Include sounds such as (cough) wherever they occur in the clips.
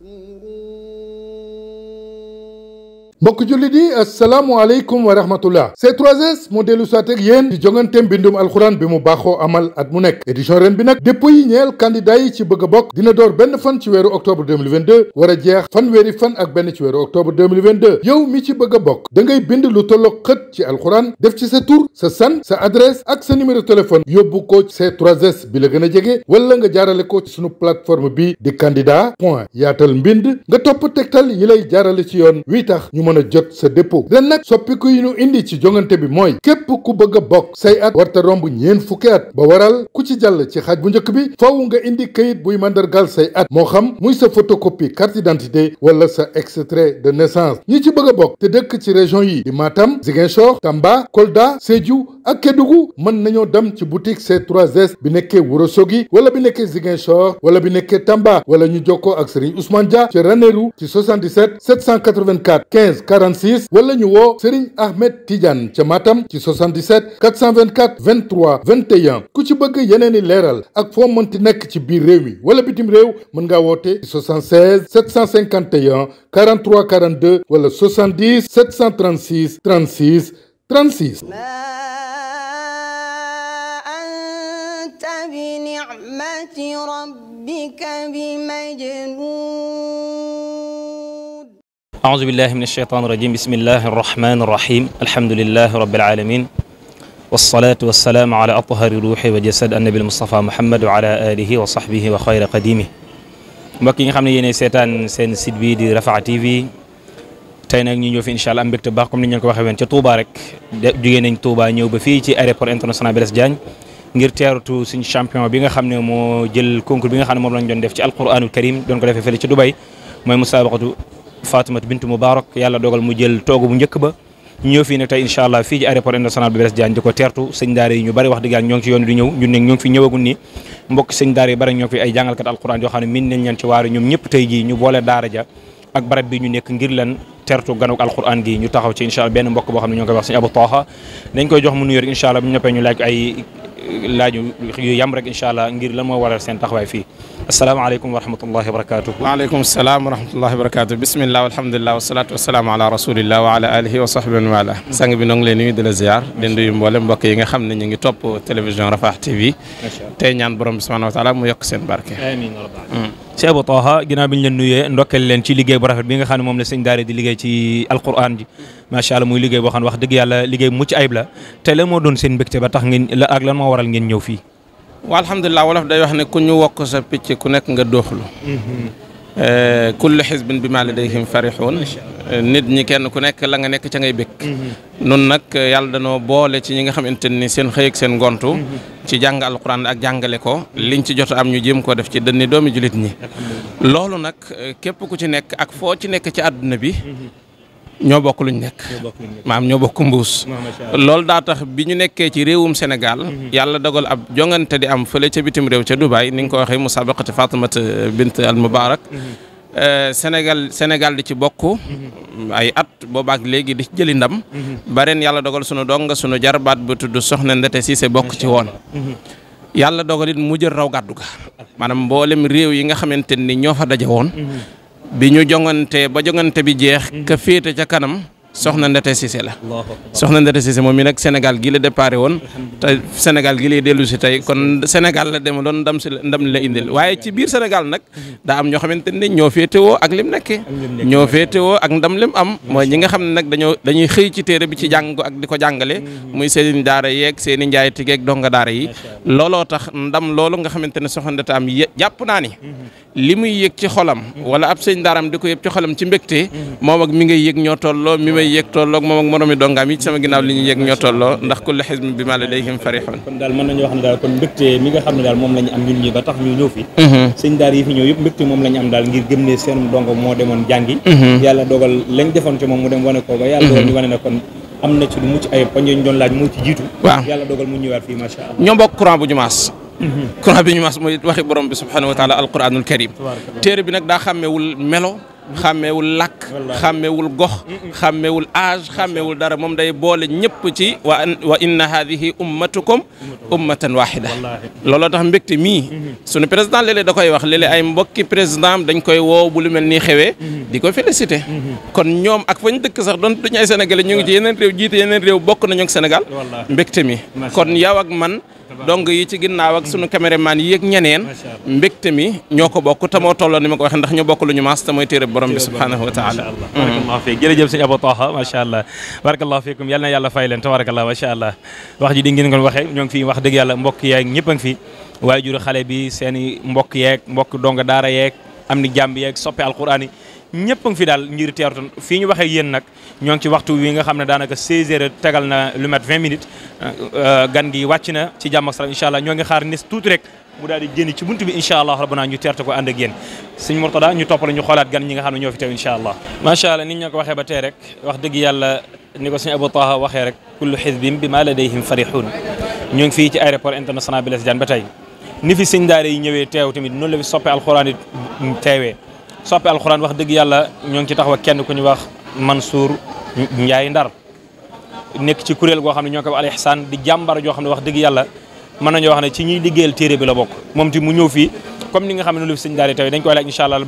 تُبْصِرُونَ mbokk jullit yi asalaamualeykum wa rahmatullah c 3 moo dellu soit ak yéen ci jongante mbindum alxuraan bi mu baaxoo amal at mu nekk édition ren bi nag dépôt yi ñeel yi ci bëgg a bokk dina door benn fan ci weeru octobre 2022 war a jeex fanweeri fan ak benn ci weeru octobre 2022 yow mi ci bëgg a bokk dangay bind lu tolloog xët ci alxuraan def ci sa tur sa san sa adresse ak sa numéro téléphone yóbbu ko c 3 bi la gën a jege wala nga jaarale ko ci sunu plateforme bi di candidat point yaatal nga topp tegtal yi lay jaarale ci yoon wii tax ñu mën a jot sa dépôt ren nag soppiku yi ñu indi ci jongante bi mooy képp ku bëgg a bokk say at warta romb ñeen fukki at ba waral ku ci jàll ci xaaj bu njëkk bi faaw nga indi kayit buy mandargal say at moo xam muy sa photocopie carte d'identité wala sa extrait de naissance ñi ci bëgg a bokk te dëkk ci région yi di Matam Ziguinchor Tamba Kolda Sédhiou ak Kédougou mën nañoo dem ci boutique C3S bi nekkee Ourossogui wala bi nekkee Ziguinchor wala bi nekkee Tamba wala ñu jokkoo 76 46 wala ñu woo Serigne Ahmed Tidiane ca Matam ci 77 424 23 21 ku ci bëgg yeneen i leeral ak foo mënti nekk ci biir réew mi wala bitim réew mën ngaa woote 76 751 43 42 wala 70 736 36 36. bi ni'mati rabbika bi majnun أعوذ بالله من الشيطان الرجيم بسم الله الرحمن الرحيم الحمد لله رب العالمين والصلاة والسلام على أطهر روح وجسد النبي المصطفى محمد وعلى آله وصحبه وخير قديمه mbokk yi nga xam ne yéenay seetaan seen site bi di Rafah TV tey nag ñu ñëw fi incha allah am mbégte baax comme ni ñu leen ko waxee woon ca Touba rek jugee nañ Touba ñëw ba fii ci aéroport international Blaise Diagne ngir teeratu suñu champion bi nga xam ne moo jël concours bi nga xam ne moom lañ doon def ci alquranul karim doon ko defee fële ci Dubai mooy musaabaqatu Fatimat bintu Mubarak yàlla dogal mu jël toogu bu njëkk ba ñëw fii nag tey allah fii ci aéroport international bu di ko teertu sëñ ñu bari wax dëgg yàlla ci yoon di fi ñëwagul nii mbokk sëñ bari ñoo fi ay jàngalkat alquran yoo xam ne min ci waaru ñoom ñëpp tey jii ñu boole daara ja ak barab bi ñu nekk ngir leen tertu ganuk alquran gi ñu taxaw ci incha allah benn mbokk boo xam ne ñoo ngi koy wax sëñ Abou jox mu nuyu laaju yu yam rek incha allah ngir lan moo waral seen taxawaay fii asalaamaaleykum wa rahmatullahi wa barakatuh waaleykum salaam wa rahmatullahi wa barakatuh bismillah alhamdulilah wasalaatu wasalaamu ala rasulillah wa ala alihi wa sahbihi wa ala sang bi noo ngi leen nuyu di la ziar di nuyu mboolem mbokk yi nga xam ne ñu ngi topp télévision Rafah TV tey ñaan borom bi subhanahu wa taala mu yokk seen barke amiin Cheikh Abou Taha ginnaaw bi ñu leen leen ci liggéey bu rafet bi la sëñ di liggéey ci alquran ji macha allah liggéey boo xam wax dëgg yàlla liggéey mucc ayib la tey lan moo doon seen mbégte ba tax ngeen la ak lan moo waral ngeen ñëw fii. waaw alhamdulilah wolof day wax ku ñu wokk sa picc ku nekk nga dooxlu mm-hmm. Eh, kullu xisbin bi ma la ladayhim farixuun eh, nit ñi kenn ku nekk la nga nekk ca ngay bég mm-hmm. nun nag eh, yàlla danoo boole ci ñi nga xamante ni seen xëy seen ngontu mm-hmm. ci jàng alquran ak jàngale ko liñ ci jot am ñu jéem koo def ci dënni doomi julit ñi loolu nag képp ku ci nekk ak foo ci nekk ci àdduna bi mm-hmm. ñoo bokk luñ nekk maam ñoo bokk mbuus loolu daa tax bi ñu nekkee ci réewum senegal mhm. yàlla dogal ab jongante di am fële ca bitim réew ca Dubaay ni nga ko waxee musabaqati Fatimat bint al Mubarak mhm. eh, senegal Sénégal di ci bokk mhm. ay at boobaak léegi di jëli ndam ba yàlla dogal sunu donga sunu jarbaat bu tudd soxna Ndete Cissé bokk ci woon yàlla dogal it mu jël raw gàddu ga maanaam mboolem réew yi nga xamante ni ñoo fa daje woon bi ñu jongante ba jongante bi jeex ka féete ca kanam soxna Ndate Cissé la soxna Ndate Cissé moom mi nag Sénégal gi la déparé woon te Sénégal gi lay dellu si tey kon Sénégal la dem doon ndam si ndam la ci biir Sénégal nag am ñoo xamante ne ñoo wo ak lim nekkee ñoo féetewoo ak ndam lim am mooy ñi nga xam ne nag dañoo dañuy xëy ci téere bi ci jàng ak di ko jàngale mm-hmm. muy seeni daara yeeg seeni njaay tigeeg donga daara yi looloo tax ndam loolu nga xamante ne soxna Ndate am jàpp naa ni mm-hmm. li muy yëg ci xolam mm-hmm. yéeg tolloog moom ak moromi dongaam yi ci sama ginnaaw li ñu yéeg ñoo tolloo ndax kullu xisbin bimaa ladayhim farihun kon daal mën nañu wax ne xam ne daal moom la am na ci lu mucc ayib ba ñu doon moo ci jiitu ñoo bokk courant bu jumaas mhm. courant bi jumaas mooy waxi borom bi subhanahu wa taala alquranul karim téere bi nag daa xàmmewul melo xam xàmmeewul làkk xàmmeewul gox xàmmeewul âge xàmmeewul dara moom day boole ñëpp ci wa wa inna haadihi ummatukum ummatan wahida looloo tax mbégte mi mm-hmm. sunu président léeg da koy wax léeg-léeg ay mbokki président am dañ koy woow bu lu mel nii xewee mm-hmm. di ko félicité mm-hmm. kon ñoom ak fañ dëkk sax doon duñu ay sénégalais ñu ngi ci yenen réew jiite rew réew bokk nañu ak Sénégal mbégte mi kon yow man donc yi ci ginnaaw ak sunu caméraman yi ak ñeneen mbégte mi ñoo ko bokk te moo tolloo ni ma ko waxee ndax ñu bokk lu ñu maas te mooy téere borom bi subhaanahu wa taala mm. barakallahu fiik jërëjëf sëñ Abou Taha macha allah barakallahu fiikum yal na yàlla fay leen tabarakallah wax ji di ngeen ko waxee ñoo ngi fi wax dëgg yàlla mbokk yeeg ñëpp a ngi fi waajur xale bi seen mbokk yeeg mbokk donga daara yeeg am ni jàmb yeeg soppe alquran ñëpp a ngi fi daal ngir teertoon fii ñu waxee yéen nag ñoo ngi ci waxtu wi nga xam ne daanaka 16 heures tegal na lu mat minutes euh, gan gi wàcc na ci jàmm ak salaam incha allah xaar nes tuuti rek mu daal di génn ci buntu bi incha allah rabbana ñu teerte ko ànd ak yéen sëñ Mourtada ñu toppale ñu xoolaat gan ñi nga xam ne ñoo fi teew incha allah macha ba tey wax dëgg yàlla ni ko sëñ Abou Taha waxee rek kullu xizbin bi ma ladayhim farihun ñoo ngi fii ci aéroport international Blaise Diagne ba tey tamit noonu la fi soppe alxuraan yi soppe alxuraan wax dëgg yàlla ñoo ngi ci taxaw ak kenn ko ñu wax Mansour Ndiaye Ndar nekk ci kuréel goo xam ne ñoo ko al ihsaan di jàmbar joo xam ne wax dëgg yàlla mën nañoo wax ne ci ñuy liggéeyal téere bi la bokk moom ti mu ñëw fii comme ni nga xam ne lu fi sëñ daal di tawee dañ koy laaj incha allah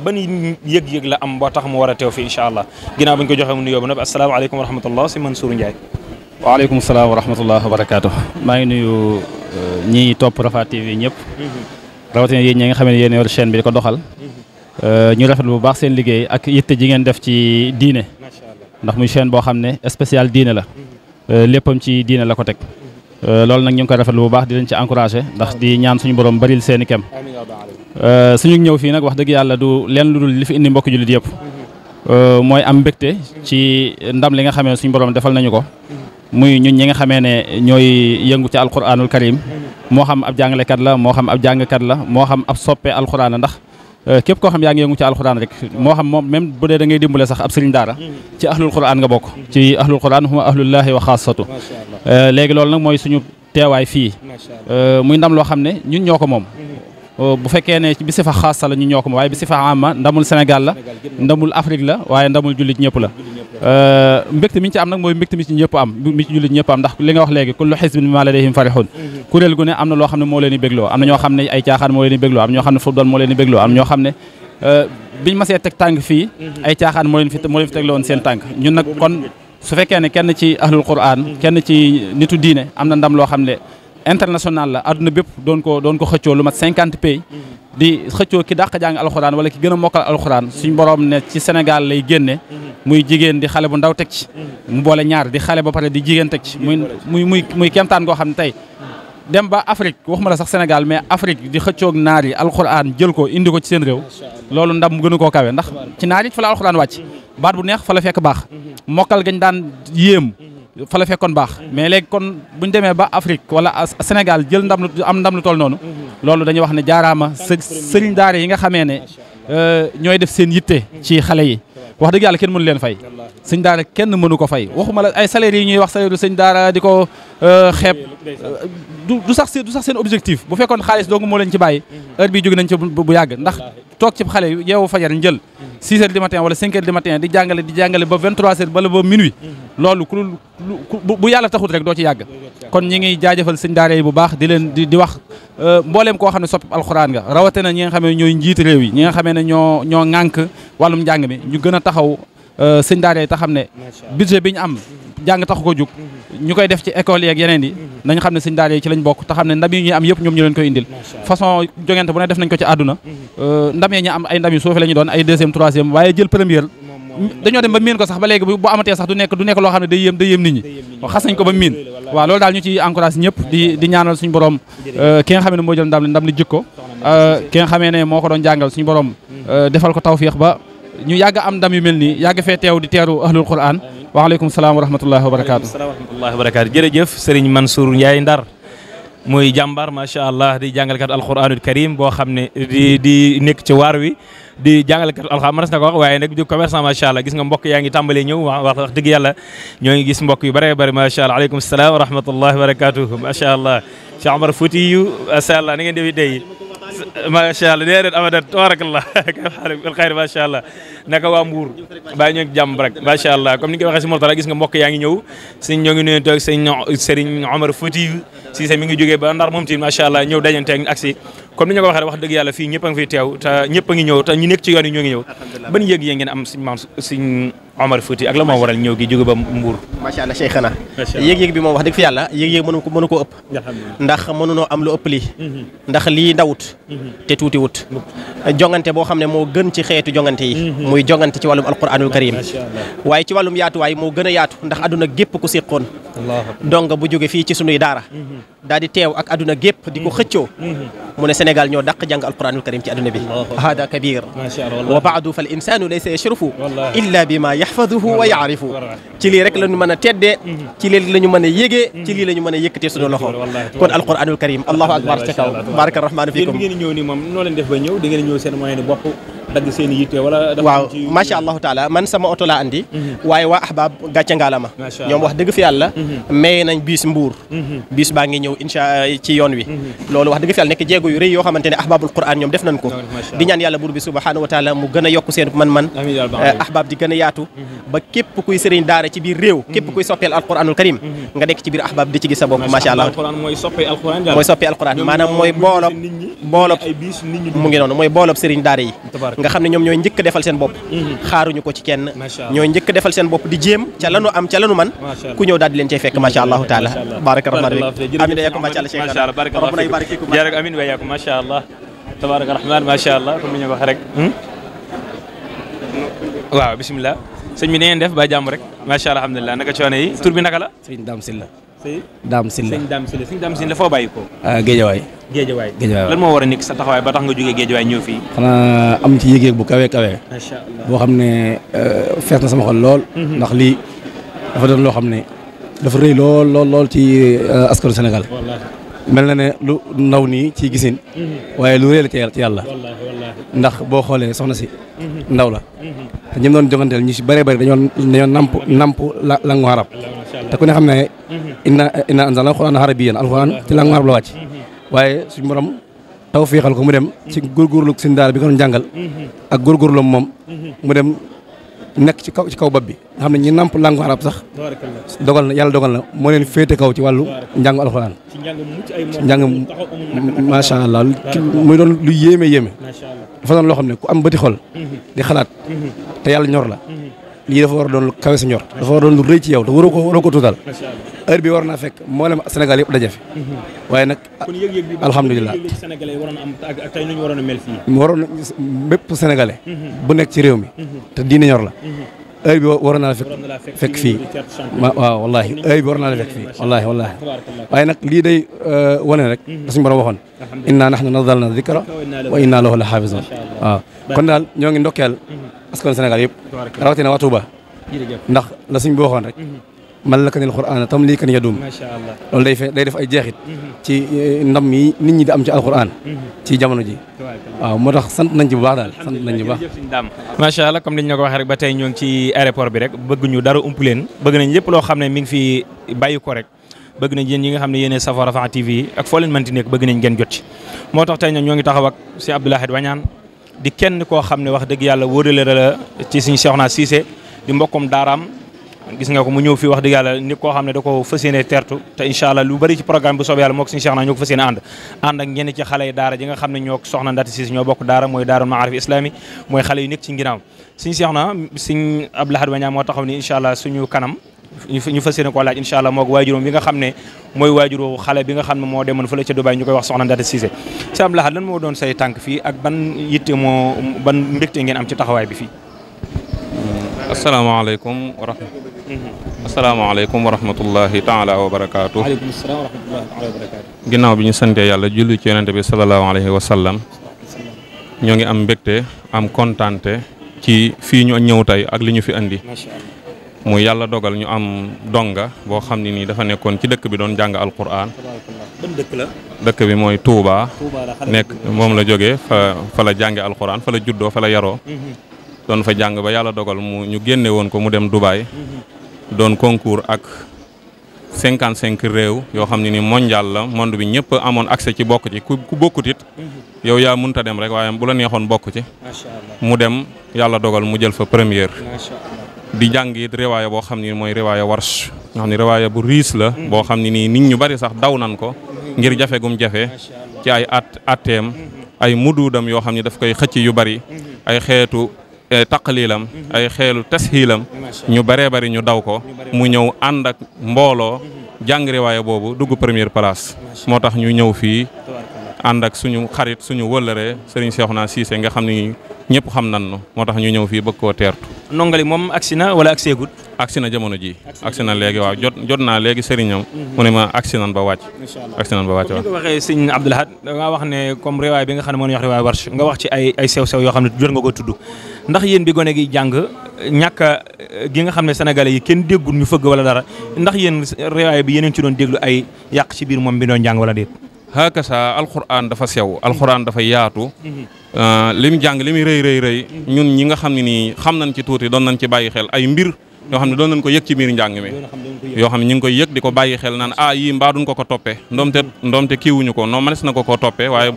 la war a teew fii incha allah ginnaaw bañ ko joxee mu nuyoo ba noppi asalaamaaleykum wa rahmatullah si Mansour Ndiaye waaleykum salaam wa rahmatullah wa barakaatu maa ngi nuyu euh, ñiy topp Rafah TV ñëpp mm-hmm. rawatina yéen ñi nga xam ne yéen yor chaîne bi ko doxal Euh, ñu rafetlu bu baax seen liggéey ak yitte ji ngeen def ci diine ndax muy chaîne boo xam ne spécial diine la mhm. euh, léppam ci diine la ko teg mhm. euh, loolu nag ñu ngi koy rafetlu bu baax di leen ci encouragé ndax di ñaan suñu borom baril seen i kem suñu ñëw fii nag wax dëgg yàlla du len lu dul li fi indi mbokk jullit yëpp mhm. mooy am mbégte ci ndam li nga xamee suñu borom defal nañu ko muy ñun ñi nga xamee ne ñooy yëngu ci alquranul karim moo xam ab jàngalekat la moo la moo xam Euh, képp koo xam yaa ngi yëngu ci alxuraan rek moo xam moom même bu dee da ngay dimbale sax ab sëriñ daara ci ahlul quran nga bokk mm-hmm. ci ahlul quran huma ahlullahi wa xaasatu euh, léegi loolu nag mooy suñu teewaay fii euh, muy ndam loo xam ne ñun ñoo ko moom mm-hmm. Euh, bu fekkee ne bi si fa xaasa la ñu ñoo ko ma waaye bi si fa ama ndamul Sénégal la ndamul Afrique la waaye ndamul jullit ñëpp la euh, mbégte mi ñu ci am nag mooy mbégte mi ci ñëpp am ndax li nga wax léegi kullu xisbin bima ladayhim farihun kuréel gu ne am na loo xam ne moo leen di bégloo am na ñoo xam ne ay moo leen di bégloo am am ñoo xam ne euh, biñu masee teg tànk fii ay caaxaan moo leen fi moo leen fi tegloon seen tànk ñun nag kon su fekkee ne kenn ci ahlul quran kenn ci nitu diine am na ndam loo xam ne international la àdduna bépp doon ko doon ko xëccoo lu mat cinquante pays di xëccoo ki dàq jàng alxuraan wala ki gën a mokkal alxuraan suñ borom ne ci Sénégal lay génne muy jigéen di xale bu ndaw teg ci mu boole ñaar di xale ba pare di jigéen teg ci muy muy muy kemtaan koo xam ne tey dem ba Afrique waxuma la sax Sénégal mais Afrique di xëccoog naar yi alxuraan jël ko indi ko ci seen réew loolu ndam mu gën a koo kawe ndax ci naar yi fa la alxuraan wàcc baat bu fa la fekkoon baax mhm. mais léegi kon bu ñu demee ba Afrique wala Sénégal jël ndam lu am ndam lu toll noonu mhm. loolu dañuy wax ne jaaraama sëriñ daara yi nga xamee ne euh, ñooy def seen yitte mhm. ci xale yi wax dëgg yàlla kenn mënu leen fay sëñ daara kenn mënu ko fay waxuma la ay salaire yi ñuy wax salaire sëñ daara di ko euh, xeeb du sax seen sax seen objectif bu fekkoon xaalis doogu moo leen ci bàyyi heure bi jóg nañ ci bu yàgg ndax toog ci xale yi yeewu fajar njël 6 heures du matin wala 5 heures du matin di jàngale di jàngale ba 23 heures bala minuit loolu bu yàlla taxut rek doo ci yàgg kon ñi ngi jaajëfal sëñ yi bu baax di leen di wax euh, mbooleem koo xam ne sopp alxuraan nga rawatina ñi nga xamee ñooy njiiti réew yi ñi xamee ne ñoo ñoo ŋànk njàng mi ñu gën a taxaw euh, sëñ daara xam ne budget bi ñu am jàng taxu ko jóg mm-hmm. ñu koy def ci école yeeg yeneen yi mhm. nañ xam ne suñ daara yi ci lañ bokk te xam ne ndam yi am yëpp ñoom ñu leen koy indil façon jongante bu ne def nañ ko ci àdduna mhm. euh, ndam yi ñu am ay ndam yu suufe ñu doon ay deuxième troisième waaye jël première dañoo dem ba miin ko sax ba léegi bu amatee sax du nekk du nekk loo xam ne day yéem day yéem ko ba miin waaw loolu daal ñu ci encourage ñëpp di di ñaanal suñu borom euh, euh, xamee ne moo ndam li ndam ne moo ñu yàgg am ndam yu mel nii yàgg fee teew di teeru ahlul quran waaleykum salaam wa rahmatullahi wa barakaatu wa rahmatullahi wa barakaatu jërëjëf sëriñ Mansour Ndiaye Ndar muy jàmbar allah di jàngalekat alquranul karim boo xam ne di nekk ci waar wi di jàngalekat alquran manas na ko wax waaye nag di commerçant macha allah gis nga mbokk yaa ngi tàmbalee ñëw wax wax dëgg yàlla ñoo ngi gis mbokk yu bëree bëri ma allah aleykum salaam wa wa barakaatuhu macha allah Cheikh Omar Fouti yu macha allah ni ngeen di macha allah déedéet abadan tabarakallah alxayr (laughs) macha allah naka waa Mbour bàyyi ñoo jàmm rek allah comme ni nga ko waxee si Mourtala gis yaa ngi Omar Fouti Cissé mi ngi jógee ba Ndar moom tamit macha allah ñëw dajante ak si ni ñu ko waxee wax dëgg yàlla fii ñëpp fi teew te ñëpp a ngi ñëw te ñu nekk ci yoon yi ñoo ngi ñëw ban yëg yee ngeen am si maam Sëñ Omar Fouti ak la moo waral ñëw gi jóge ba Mbour macha allah Cheikh xanaa yëg-yëg bi moom mhm. ndax lii ndax lii mhm. te tuuti wut mhm. jongante boo xam ne moo gën ci xeetu jongante yi muy jongante ci wàllum alquranul waaye ci wàllum yaatuwaay moo gën a yaatu ndax aduna gépp ku séqoon ndonga bu jóge fii ci sunuy daara mhm. daal di teew ak aduna gépp di ko mhm. xëccoo mhm. mu ne Sénégal ñoo dàq jàng alquranul karim ci aduna bi hada kabir wa baadu fal insanu laysa yashrufu illa bi ma wa yaarifu ci lii rek la ñu mën a teddee ci lii la ñu mën a ci lii la ñu mën a yëkkatee sunu loxo kon alquranul karim allahu akbar ca kaw baraka rahmaanu fikum ngeen ñëw ni moom noo leen def ba ñëw da ngeen ñëw seen moyen bopp dagg seen yitte wala. waaw macha allahu taala man sama oto laa andi. Mhm. waaye waa ahbaab gàcce ngaala ma. ñoom wax dëgg fi yàlla. Mhm. maye nañ biis mbuur. Mhm. biis baa ngi ñëw incha ci yoon wi. loolu wax dëgg fi yàlla nekk jéego yu yoo xamante ne ahbaabul quran ñoom def nañ ko. di ñaan yàlla buur bi subhaanahu wa taala mu gën a yokk man-man. Eh, ahbaab di gën a yaatu. ba képp kuy sëriñ daara ci biir réew. képp kuy soppeel alquranul karim. mooy soppi mu ngi mooy boolob sëriñ daara nga xam ne ñoom ñooy njëkk defal seen bopp mm-hmm. xaaruñu ko ci kenn ñooy njëkk defal seen bopp di jéem ca lanu am ca lanu man ku ñëw daal di leen cay fekk masha allahu taala baraka rahman amin wayakum masha allah masha allah baraka rabbuna yubarikikum jarak amin wayakum allah tabaraka rahman masha allah comme wax rek hmm? waaw bismillah sëñ bi na ngeen def ba jàmm rek masha allah alhamdulillah naka coono yi tur bi naka la sëñ Dame Sylla daam si la sëñ daam si la sëñ daam si la foo bàyyi ah, géejawaay. géejawaay géejawaay moo war a nekk sa taxawaay ba tax nga jógee géejawaay ñëw fii. xanaa am ci yëgeeg bu kawe kawe. macha allah boo xam ne euh, fees na sama xol lool. Mhm. ndax li dafa doon loo xam ne dafa rëy lool lool lool ci euh, askanu Sénégal. mel na ne lu ndaw nii ci gisin mhm. waaye lu réel ci yàlla ndax boo xoolee soxna si mhm. ndaw la te ñim doon joganteel ñu si bëree bëri dañoo dañoo namp namp langu arab te ku ne xam ne inna inna anzalna alquran arabiyan alquran ci langue arab la wàcc waaye suñu borom taw fiixal ko mu dem ci góorgóorlu seen daara bi ko doon jàngal ak góorgóorlu moom mu dem nekk ci kaw ci kaw bab bi nga xam ne ñi namp langue sax dogal na yàlla dogal na moo leen féete kaw ci wàllu njàngu alxuraan njàng macha allah muy doon lu yéeme yéeme dafa doon loo xam ne ku am bëti xol di xalaat te yàlla ñor la lii dafa war doon lu kawe sa ñor dafa war a doon lu rëy ci yow te waroo ko waroo ko tuutal heure bi war naa fekk mboolem Sénégal yëpp daje fi waaye nag alhamdulilah waroon bépp mhm. bu nekk ci réew mi mhm. te diine ñor la mhm. heure bi war naa la fekk fekk fii waaw wallahi heure bi war naa la fekk fii wallahi wallahi waaye nag lii day euh, wane rek da mhm. suñu borom waxoon inna nahnu nazzalna dhikra wa inna lahu la hafizun waaw kon daal ñoo ngi ndokkeel mhm. askan Sénégal yëpp rawatina waa Touba ndax la suñ bi waxoon rek mhm. man la ka nil xuraan tam lii kan yadum day fe day def ay jeexit mm-hmm. ci eh, ndam yi nit ñi di am ci alxuraan mm-hmm. ci jamono ji waaw moo tax sant nañ ci baax daal sant nañ ci bu baax macha allah comme ni ñu ko waxee rek ba tey ñoo ngi ci aéroport bi rek bëgg ñu dara ump leen bëgg nañ lépp loo xam ne mi ngi fi bàyyi ko rek bëgg nañ yéen ñi nga xam ne yéen safoo Rafah TV yi ak foo leen mënti bëgg nañ ngeen jot ci moo tax tey ñoom ñoo ngi taxaw ak si Wañaan di kenn koo xam ne wax dëgg yàlla wóorale la ci suñu Cheikhouna Cissé di mbokkum daaraam gis nga ko mu ñëw fi wax dëgg yàlla nit koo xam ne da ko fas yéene tertu te incha allah lu bëri ci programme bu soobee yàlla moo ko suñu Cheikh na ñoo ko fas yéene ànd ànd ak ñenn ci xale yi daara ji nga xam ne ñoo soxna Ndati Cissé ñoo bokk daara mooy daarul maarif islami mooy xale yu nekk ci nginaaw suñu Cheikh na suñ Abdou Lahad Wañaa moo taxaw ni incha allah suñu kanam ñu fas yéene koo laaj incha allah moo ko waajuróom bi nga xam ne mooy waajuru xale bi nga xam ne moo demoon fële ca Dubaay ñu koy wax soxna Ndati Cissé si Abdou Lahad doon say tànk fii ak ban yitte moo ban mbégte ngeen am ci taxawaay bi fii asalaamaaleykum wa rahmatulah Mm-hmm. asalaamaaleykum wa rahmatullahi taala wa ginnaaw bi ñu santee yàlla julli ci yonente bi salallaahu alayhi wa sallam ñoo ngi am mbégte am kontaante ci fii ñu ñëw tey ak li ñu fi andi. mu yàlla dogal ñu am donga boo xam ne nii dafa nekkoon ci dëkk bi doon jàng alquran. ban dëkk bi mooy Touba. nekk moom la jóge fa fa la jànge alquran fa la juddoo fa la yaroo. Mm-hmm. doon fa jàng ba yàlla dogal mu ñu génne woon ko mu dem Dubaay. Mm-hmm. doon concours ak cinquante cinq réew yoo xam ne ni mondial la monde bi ñëpp amoon accès ci bokk ci ku ku bokkut mhm. yow yaa mënta dem rek waaye bu la neexoon bokk ci mu dem yàlla dogal mu jël fa première di jàng it riwaaya boo xam ne mooy riwaaya warsh nga xam ni riwaaya bu riis la mhm. boo xam ne nii nit ñu bari sax daw nan ko mhm. ngir jafe gum jafe ci ay at atteem ay muduudam yoo xam ne daf koy xëcc yu bari ay xeetu Eh, taqlilam mhm. ay xeelu tashilam ñu bëree bëri ñu daw ko mu ñëw ànd ak mbooloo mhm. jàng riwaaya boobu dugg première place moo tax ñu ñëw fii ànd ak suñu xarit suñu wëllëre Serigne Cheikhouna Cissé nga xam ne ñëpp xam nan nu moo tax ñu ñëw fii bëgg koo teertu nongali moom agsi na wala agsi gut agsi na jamono ji agsi na léegi waaw jot jot naa léegi sëriñam mhm. mu ne ma agsi nan ba wàcc agsi nan ba wàcc waaw xam ne moo ñu wax riwaay warsh yoo xam ne nga ko tudd ndax yéen bi gone gi jàng ñàkk gi nga xam ne sénégalais yi kenn déggul ñu fëgg wala dara ndax yéen réwaay bi yeneen ci doon déglu ay yàq ci biir moom bi doon jàng wala déet hakasa alxuraan dafa sew alxuraan dafa yaatu euh, li mu jàng li muy rey rëy rëy ñun ñi nga xam ne nii xam nañ ci tuuti doon nañ ci bàyyi xel ay mbir yoo xam ne doon nañ ko yëg ci biir njàng mi yoo xam ne ñu ngi koy yëg di ko bàyyi xel naan ah yi mbaa duñ ko ko toppee ndoom te ndoom te kiiwuñu ko noo mënees na ko koo toppee waaye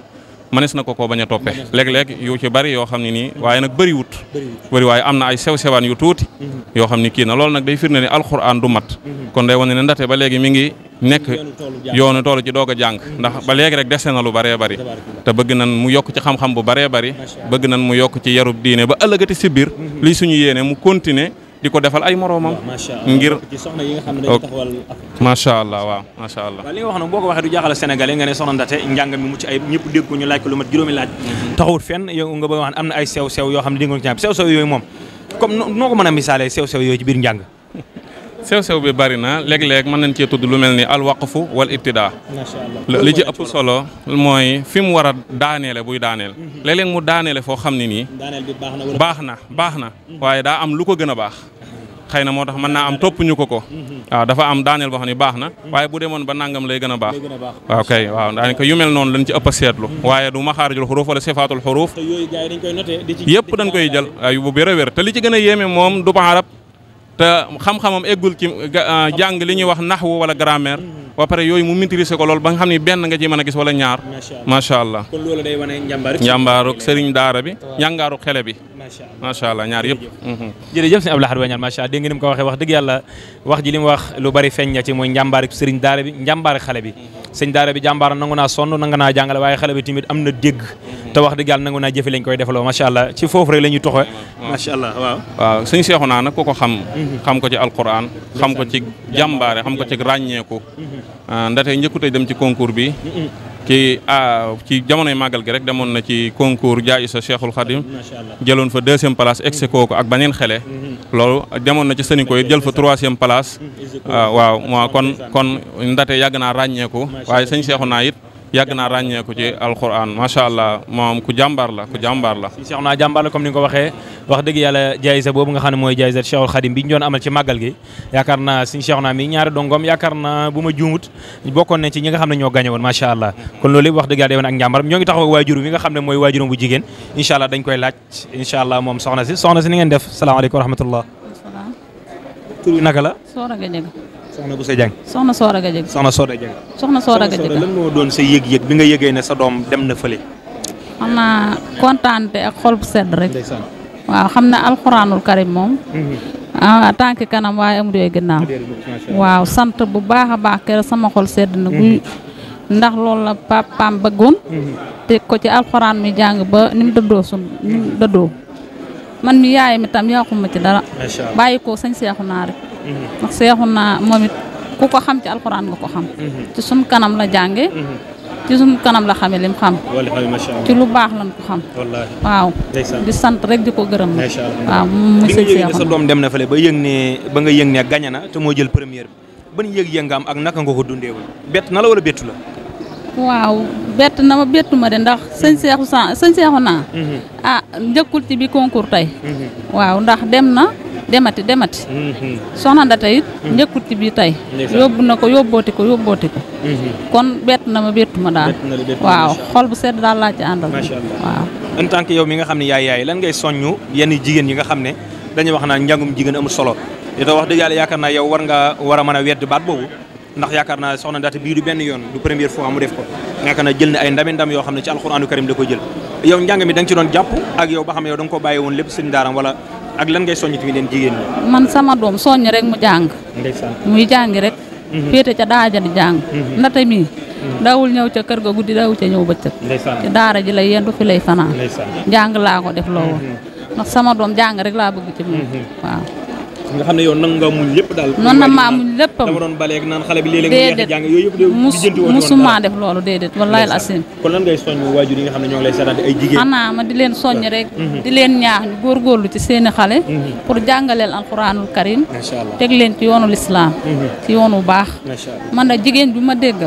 mënees na ko ko bañ a toppe léeg-léeg yu ci bari yoo xam ne nii waaye nag bëriwut bëri waaye am na ay sew-sewaan yu tuuti mhm. yoo xam ne kii na loolu nag day firnde ne alxuraan du mat mhm. kon day wane ne ndate ba léegi mi ngi nekk yoonu toolu ci doog a jàng ndax ba léegi rek dese na lu baree bari te bëgg nan mu yokk ci xam-xam bu baree bari bëgg nan mu yokk ci yarub diine ba ëllëgati si biir mhm. li suñu yéene mu continuer di ko defal ay moroomam. ngir macha allah waaw macha allah. waaw li nga wax nag boo ko waxee du jaaxal sénégalais nga ne soxna Ndate njàng mi mucc ayib ñëpp dégg ko ñu laaj ko lu mat juróomi laaj. Mhm. taxawut fenn yow nga bëgg a wax ne am na ay sew sew yoo xam ne déggoon ci ñaar sew sew yooyu moom comme noo ko a misaalee sew sew yooyu ci biir njàng. (laughs) sew sew bi bari na léeg mën nañ cee tudd lu mel ni alwaqfu wal ibtidaa li ci ëpp solo mooy fi mu a daaneele buy daaneel mhm. léeg mu daaneele foo xam ne nii baax na baax na mhm. waaye daa am lu a baax xëy na moo tax mën naa am topp ñu ko ko mhm. waaw dafa am daaneel boo xam ne baax na mhm. waaye bu demoon ba nangam lay gën a baax waaw waaw daanaka yu mel noonu lañu ci ëpp a seetlu mhm. waaye du maxaarijul xuruuf wala sifaatul xuruuf yëpp dañ koy jël ay bu bér a li ci gën a yéeme moom du arab te xam-xamam eggul ci ah, jàng li ñuy wax naxwu wala grammaire ba pare yooyu mu maîtriser ko lool ba nga xam ne benn nga ci mën a gis wala ñaar macha allah kon sëriñ daara bi njàngaaru xele bi macha allah ñaar yëpp jërëjëf mhm. sëñ Abdoul Ahad Wañaan macha allah dégg nga ni mu waxee wax dëgg yàlla wax ji li wax lu bari feeñ ci mooy njàmbaaruk sëriñ daara bi njàmbaaruk xale bi mhm. sëñ daara bi jàmbaar nangu naa sonn nangu naa jàngale waaye xale bi tamit am na dégg mhm. te wax dëgg yàlla nangu naa jëfe lañ koy defaloo macha allah ci foofu rek la ñuy toxee macha allah waaw waaw sëñ Seexuna nag ko xam xam ko ci alquran xam ko ci jàmbaare xam ko ci ràññeeku Ah, ndaxte njëkkute dem ci concours bi ci ah, ci jamonoy màggal gi rek demoon na ci concours jaayu sa Cheikhul Khadim jëloon fa deuxième place exe kooku ak baneen xele loolu demoon na ci sëni ko jël fa troisième place ah, waaw waaw kon kon ndaxte yàgg naa ràññeeku waaye sëñ Cheikhouna it yàgg naa ràññeeku ci alquran macha allah moom ku jàmbaar la ku jàmbaar la Cheikh naa jàmbaar la comme ni nga ko waxee wax dëgg amal ci màggal gi yaakaar bu ma juumut bokkoon nañ ci ñi nga xam ne allah kon loolu yëpp wax dëgg ak njàmbaram ñoo ngi taxaw ak waajur xam ne mooy waajuram bu jigéen incha dañ koy laaj incha moom soxna si soxna si ni def salaamaaleykum wa rahmatullah soxna Boussa Dieng. soxna Sooraga Dieng. soxna Sooraga Dieng. soxna Sooraga Dieng lan moo doon sa yëg-yëg bi nga yëgee ne sa doom dem na fële. xam naa kontaante ak xol bu sedd rek. waaw xam na alxuraanul karim moom. Mhm. ah tànk kanam waaye amul yooyu ginnaaw. waaw sant bu baax a baax kër sama xol sedd na guy. Mhm. ndax loolu la papaam bëggoon. Mhm. te ko ci alxuraan mi jàng ba ni mu dëddoo sun ni mu dëddoo man mi yaay mi tam yàquma ci dara. bàyyi ko sañ seexu naa rek. ndax Seexuna moom it ku ko xam ci alxuraan nga ko xam mhm. ci sunu kanam la jànge mhm. ci sunu kanam la xame lim xam ci lu baax lan ko xam waaw di sant rek di ko gërëm na mu sëñ sa doom dem na fële ba yëg ne ba nga yëg ne gañe na te moo jël première bi ban yëg-yëg nga ak naka nga ko dundeewul bett na la wala bettu la waaw bett na ma bettu ma de ndax sëñ seexu saa sëñ seexu naa mhm. ah njëkkul ci bi concours tey mhm. waaw ndax dem na demati demati mhm. soxna Ndata it njëkkul ci bi tey yóbbu na ko yóbbooti ko yóbbooti ko kon bett na ma bettu ma daal waaw xol bu sedd daal laa ci àndal waaw en tant yow mi nga xam ne yaay yaay lan ngay soññu yenn jigéen yi nga xam ne dañuy wax naa njàngum jigéen amul solo di wax dëgg yàlla yaakaar naa yow war nga war a mën a wedd baat boobu ndax yaakaar naa soxna Ndaté bii du benn yoon du première fois mu def ko yaakaar naa jël na ay ndami ndam yoo xam ne ci alxuraanu karim la ko jël yow njàng mi da nga ci doon jàpp ak yow ba xam yow da nga ak lan ngay soññ leen jigéen ñi man sama doom soññ rek mu jàng muy jàngi rek mhm. féete ca daa daaja di jàng mhm. Ndaté mi mhm. daawul ñëw ca kër ga guddi daawul ca ñëw ba bëccëg ci daara ji lay yendu fi lay fanaan jàng laa ko def loo woon ndax sama doom jàng rek laa bëgg ci moom waaw nga xam muñ lépp daal. noonu na maa muñ léppam dama doon baleeg naan xale bi léeg-léeg mu neex jàng yooyu yëpp de musuma def loolu déedéet wallahi asim kon lan ngay soññ waajur yi nga xam ne ñoo ngi lay seetaan ay jigéen xanaa ma di leen mhm. leen ñaax ñu góorgóorlu ci seeni xale mhm. pour jàngaleel alquranul karim teg leen ci yoonu lislaam mhm. ci yoonu baax man da jigéen bi ma dégg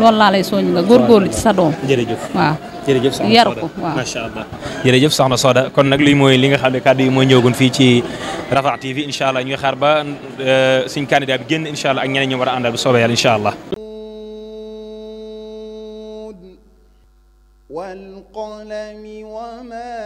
loolu laa lay soññ nga góorgóorlu ci sa doom jërëjëf waaw jërëjëf soxna Soda yar ko waaw macha allah jërëjëf soxna Soda kon nag lii mooy li nga xam ne kàddu yi mooy ñëwgun fii ci Rafah ñu ngi xaar ba euh, suñ candidat bi génn incha allah ak ñeneen ñu war a àndal bu soobee yàlla incha allah. والقلم وما